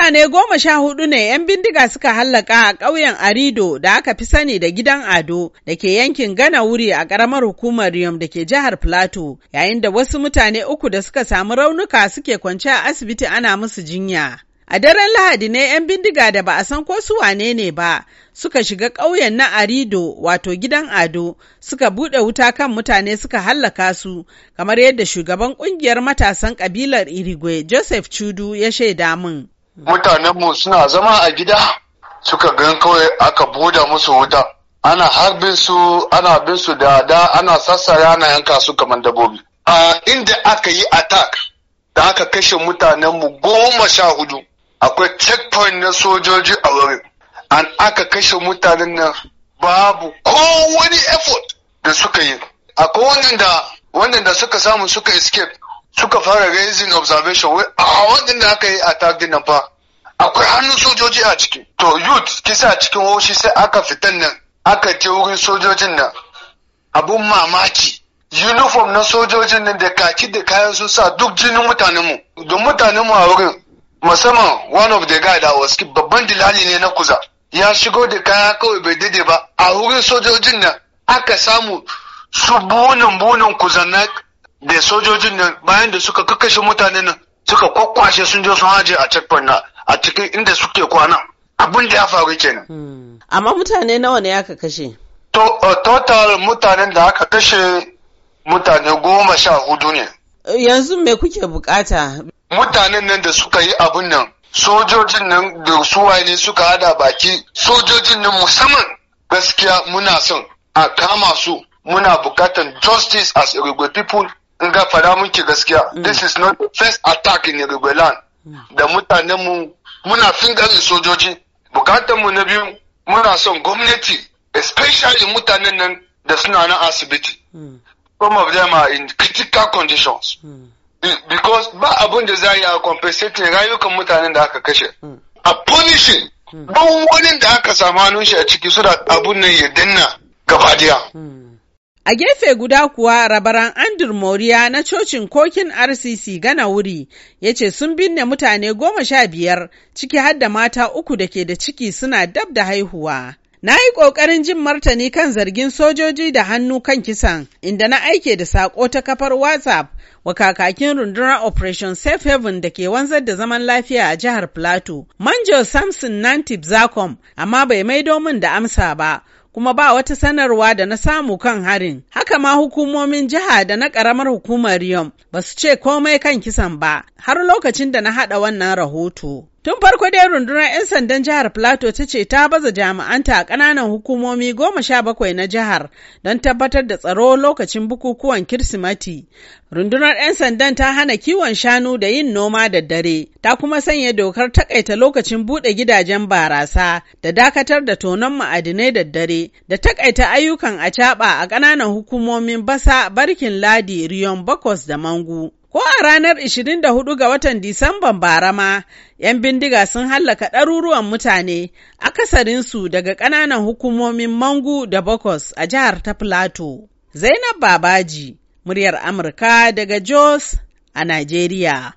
Mutane goma sha hudu ne 'yan bindiga suka hallaka a ƙauyen Arido da aka fi sani da gidan Ado da ke yankin Gana wuri a ƙaramar hukumar Riyom da ke jihar Plateau yayin da wasu mutane uku da suka samu raunuka suke kwance a asibiti ana musu jinya. A daren Lahadi ne 'yan bindiga da ba a san ko su wane ne ba suka shiga ƙauyen na Arido wato gidan Ado suka buɗe wuta kan mutane suka hallaka su kamar yadda shugaban ƙungiyar matasan ƙabilar Irigwe Joseph Chudu ya shaida min. mutanenmu suna zama a gida suka gan kawai aka buda musu wuta ana harbin su ana bin su da da ana sassara ana yanka su kamar dabobi a inda aka yi attack da aka kashe mutanenmu goma sha hudu akwai checkpoint na sojoji a wurin an aka kashe mutanen nan babu kowani effort da suka yi akwai wannan da suka samu suka escape suka fara raising observation wai a ah, wannan da aka yi a tagin nan fa akwai hannun sojoji a ciki to youth kisa cikin hoshi sai aka fitan nan aka je wurin sojojin nan abun mamaki uniform na sojojin nan da kaki da kayan sun sa duk jinin mutanen Da don mu a wurin musamman one of the guy da was babban dilali ne na kuza ya shigo da kaya kawai bai daidai ba a wurin sojojin nan aka samu su bunin bunin na da sojojin nan bayan da suka kakkashe mutanen nan suka kwakwashe sun je sun haje a checkpoint na a cikin inda suke kwana abin da ya faru kenan. Hmm. Amma mutane nawa ne aka kashe? Total mutanen da aka kashe mutane goma sha hudu ne. Yanzu me kuke bukata? Mutanen nan da suka yi abin nan sojojin nan da suwaye ne suka hada baki sojojin nan musamman gaskiya muna son a kama su muna bukatan justice as a people nga fada muke gaskiya mm. this is not the first attack in Yoruba mm. da mutanenmu mu muna sojoji bukatar mu na biyu muna son gwamnati especially mutanen nan da suna na asibiti mm. some of them are in critical conditions because ba abun da za a yi a compensating rayukan mutanen da aka kashe a punishing duk wani da aka samu hannun shi a ciki su da abun nan ya danna gaba A gefe guda kuwa rabaran Andrew Moriya na cocin kokin RCC gana wuri ya ce sun binne mutane goma sha biyar ciki har da mata uku da ke da ciki suna dab da haihuwa. Na yi ƙoƙarin jin martani kan zargin sojoji da hannu kan kisan, inda na aike da saƙo ta kafar WhatsApp wa kakakin rundunar Operation Safe Haven da ke wanzar da zaman lafiya a jihar Plateau, Manjo Samson Nantip Zakom, amma bai maido min da amsa ba. kuma ba wata sanarwa da na samu kan harin. Haka ma hukumomin jiha da na ƙaramar hukumar Yom ba su ce komai kan kisan ba har lokacin da na haɗa wannan rahoto. Tun farko dai rundunar 'yan sandan jihar plato ta ce ta baza jami'anta a ƙananan hukumomi goma sha bakwai na jihar don tabbatar da tsaro lokacin bukukuwan Kirsimati. Rundunar 'yan sandan ta hana kiwon shanu da yin noma da dare, ta kuma sanya dokar takaita lokacin buɗe gidajen barasa da dakatar da tonon ma'adinai da dare da takaita ayyukan a a ƙananan hukumomin Basa, Barkin Ladi, Riyon bakwas da Mangu. Ko a ranar 24 ga watan Disamban bara ma, 'yan bindiga sun hallaka ɗaruruwan mutane, akasarinsu daga ƙananan hukumomin Mangu da Bokos a jihar ta Plato. Zainab Babaji, muryar Amurka daga Jos a Najeriya.